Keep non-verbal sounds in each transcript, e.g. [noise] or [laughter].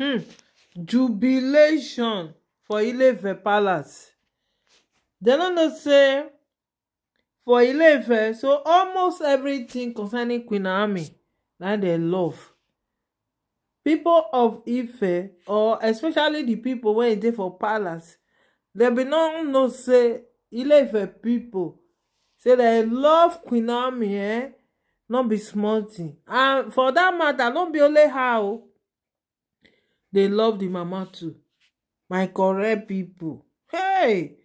um jubilation for ileife palace dem no know say for ileife so almost everything concerning queen naomi that they love People of ife or especially the people when they for palace dem bin no know say ileife people. say they love queen naomi eh not be small and for that matter not be only how dey love the mama too my correct people. hey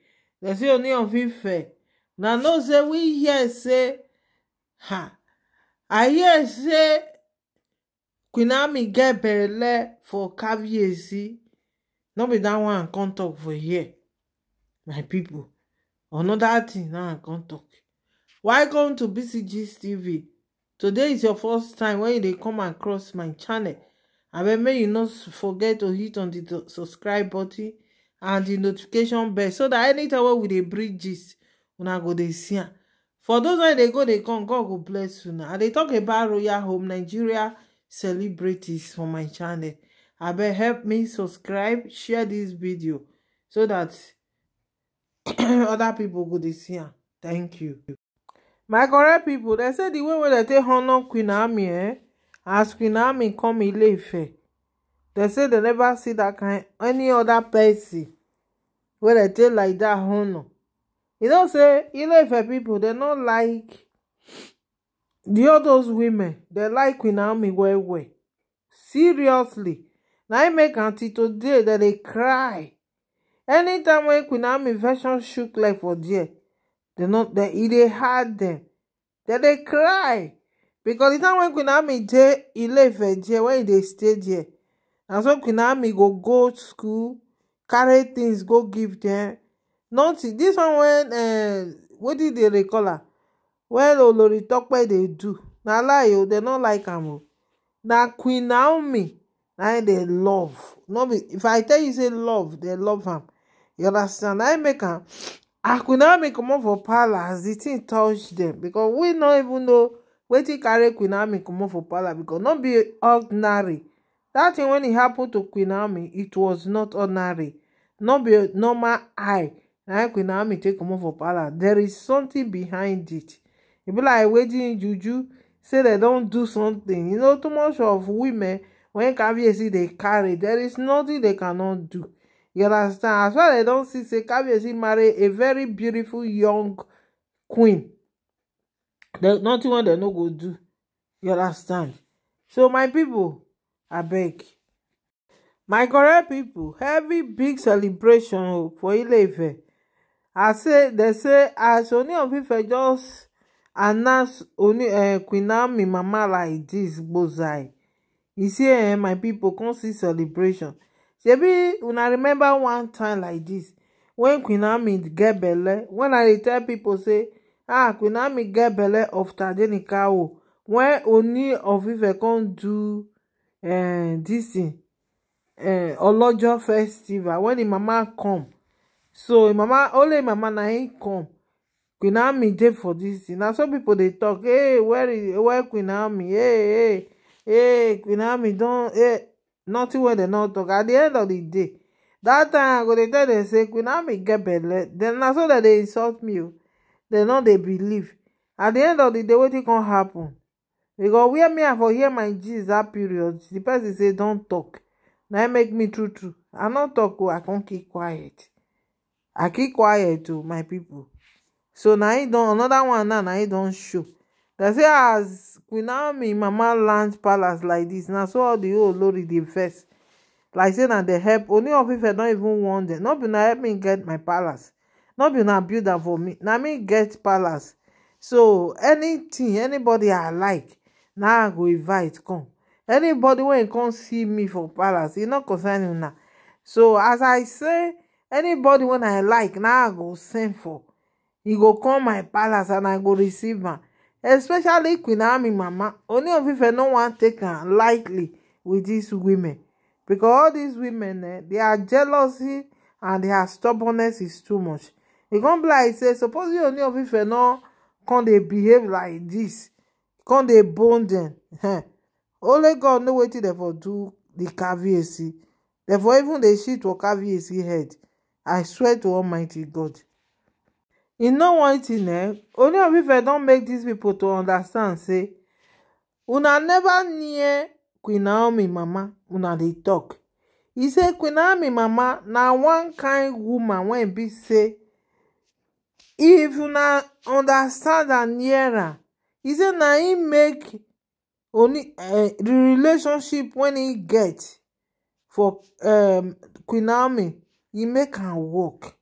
they say oni of fair. Now no say we hear say ha i hear say queen ami get berle for caviezi no be that one i can't talk for here my people. Another thing now i come tok welcome to bcgs tv today is your first time when they dey come across my channel abeg make you no forget to hit on the subscribe button and the notification bell so that anytime wey we dey bring gist una go dey see am for those wey dey go dey come god go bless una i dey talk about royal home nigeria celebrities for my channel abeg help me subscribe share this video so that [clears throat] other people go dey see am thank you my correct people. dem say the way wey dem take honor queen ami eh as queen naomi come ileife dem say dem never see that kind any other pesin wey dem take like that, honour you know say ileife people dem no like the all those women dem like queen naomi well well seriously na im make am till today dem dey cry anytime wey queen naomi version shook leg for there e dey hard dem dem dey cry because the time when queen ammy dey ilefe je when e dey stay there na so queen ammy go go school carry things go give dem nothing this one wen eh, wodi dey recall am wen olori tope dey do na lie o dem no like am o na queen naomi na im dey love no be if i tell you say love dem love am you understand na im make am and ah, queen ammy comot for palace di tin touch dem becos we no even know. wetin carry queen naomi comot for palace because no be ordinary dat thing when e happen to queen naomi it was not ordinary no be normal eye na queen naomi take comot for palace there is something behind it e be like wetin juju say dem don do something you know too much of women when caviarcy dey e carry there is nothing they cannot do you understand as well dem don see say caviarcy e marry a very beautiful young queen nothing wey they no go do you understand so my people, I beg, my correct people, heavy big celebration oh, for ileife I say they say as oni of ife just announce eh, queen naomi mama like this. dis gbozai e say eh, my people come see celebration when I remember one time like this, when queen naomi get belle when i tell people say ah queen naomi get belle of tadenika o wen oni of ife come do dis eh, thing eh, olojo festival wen im mama come so im mama only im mama na im come queen naomi dey for dis thing na so pipo dey tok hey where where queen naomi hey hey hey queen naomi don hey nothing wey dem no tok at di end of di day dat time i go dey tell dem say queen naomi get belle na so dem dey insult me o They no they believe at the end of the day what wetin con happen because where me i for hear my Jesus. dat period di person say don't talk. Now make me true true i no talk. Oh, i can't keep quiet i keep quiet to oh, my people. so now hin don't another one now now hin don't show They say as queen naomi mama land palace like this. Now so all di whole lorry dey vex like say na they help only of ife don even warn dem no be na help me get my palace no be na build am for me na me get palace so anything anybody i like now i go invite come anybody wey come see me for palace e no concern you una so as i say anybody when i like now i go send for He go come my palace and i go receive him. especially queen ami mama only of Ife no wan take am lightly with these women because all these women eh, they are jealousy and their stubbornness is too much He come be like say suppose you only of ife know come they behave like this, come they bone dem only god know what they for do The caviarcy dem for even the shit for caviarcy head i swear to almighty god e know one thing eh only of ife don make these people to understand say una never near queen naomi mama una dey tok e say queen naomi mama na one kind woman when be say if una understand that hear he e say na im make only di eh, relationship when he get for um, queen naomi he make am work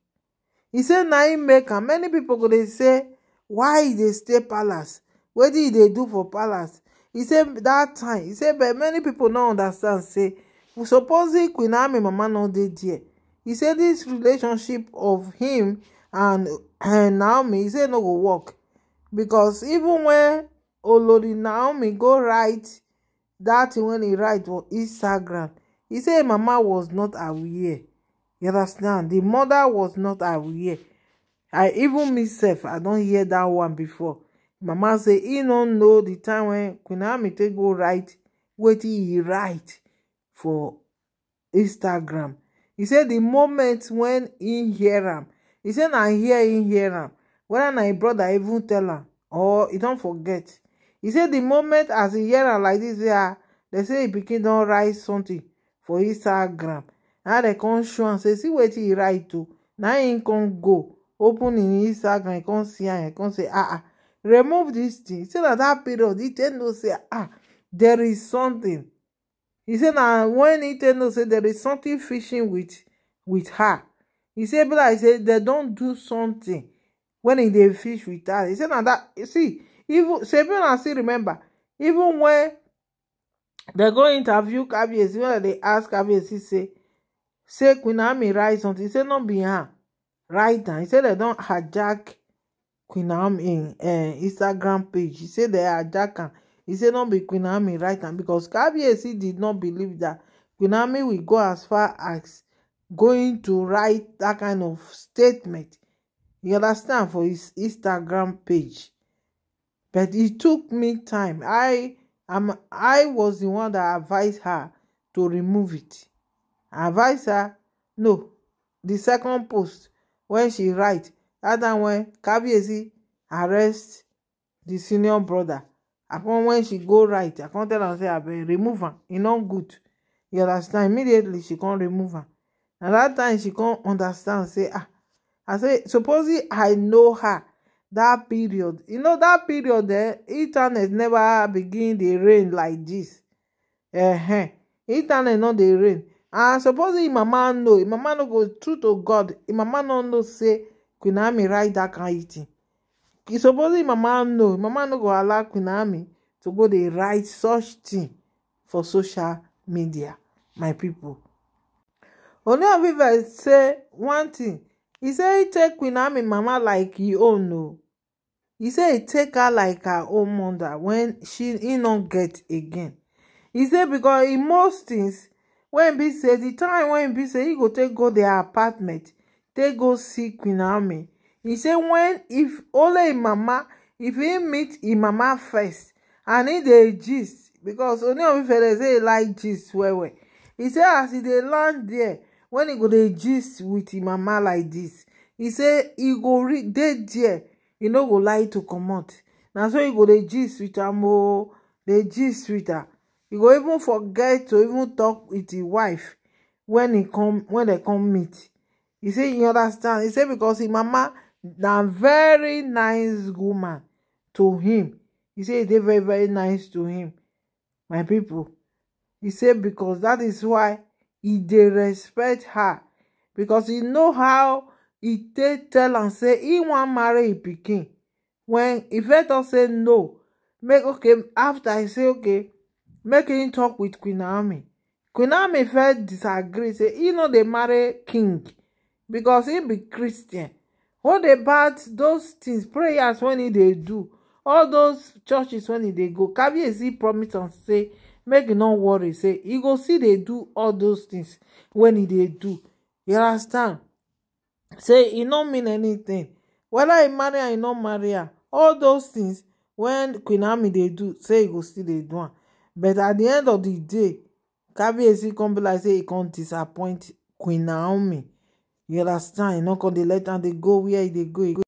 He say na im make am many people go dey say why e dey stay palace wetin e dey do for palace He say "That time He say but many people no understand say supposing queen naomi mama no dey there he say 'This relationship of him and and naomi say no go work because even wen olori naomi go write that thing wey e write for instagram he say mama was not aware you understand The mother was not aware i even myself i don't hear that one before mama say he don't know the time when queen Ami take go write what he write for instagram He said the moment when he hear him. He said, "I hear him hear am whether my brother even tell him, or he don't forget He said, the moment as he hear am like this, dis they say he begin don write something for instagram na dem come show am say see wetin he write to. Now he come go open in instagram e come see am e come say ah ah remove this thing say na that period He tend to say ah there is something He said, now when he tend to say there is something fishing with with her He said, say like said, "They don't do something when they fish with us He said, na that see even sebiona still remember even when they go interview cavies when they ask cavies say say queen Ami write something he said, no be her write am e say dem don hijack queen Ami uh, eh, instagram page He said, 'They hijack am He said, no be queen Ami write am becos cavies did not believe that queen Ami will go as far as going to write dat kind of statement you understand for his instagram page but e took me time i am i was the one that advise her to remove it i advise her no di second post wey she write dat time wen kabiezi arrest di senior broda upon wen she go write i come tell am say abeg remove am e no good you understand immediately she come remove am. na dat time she come understand say ah i say supposing i know her dat period you know dat period eh internet never begin dey rain like dis eh internet no dey rain and supposing im mama know im mama no go true to god im mama no know say queen ami write dat of thing supposing im mama know im mama no go allow queen ami to go dey write such thing for social media my pipo Ooni of Ife say one thing He say e take Queen mama like e own o oh. e say he take her like her own mother when she he no get again He say because in most things when be say the time when be say he go take go dia apartment take go see Queen He say when if only im mama if he meet his mama first and e dey gist because only of Ife say e like gist well well He say as e they land there When he go dey gist with im mama like this, he say he go dey there He no go lie to comot na so he go dey gist with am o dey gist with her He go even forget to even talk with im wife when he come when they come meet He say he understand He say because im mama na very nice woman to him He say e dey very very nice to him my people. He say because that is why He dey respect her because he know how he take tell am say he wan marry e pikin wen ife tok say no make okay after he say okay make him talk with queen naomi queen naomi first disagree say he no dey marry king because he be christian All the about those things prayers wey he dey do all those churches wey he dey go kabiyesi promise am say make you no worry say e go still dey do all those things wen e dey do you understand say e no mean anything whether he marry her he no marry her all those things wen queen ami dey do say e go still dey do am. but at di end of di day kabezie come be like say e come disappoint queen naomi e no go dey let am dey go wia e dey go.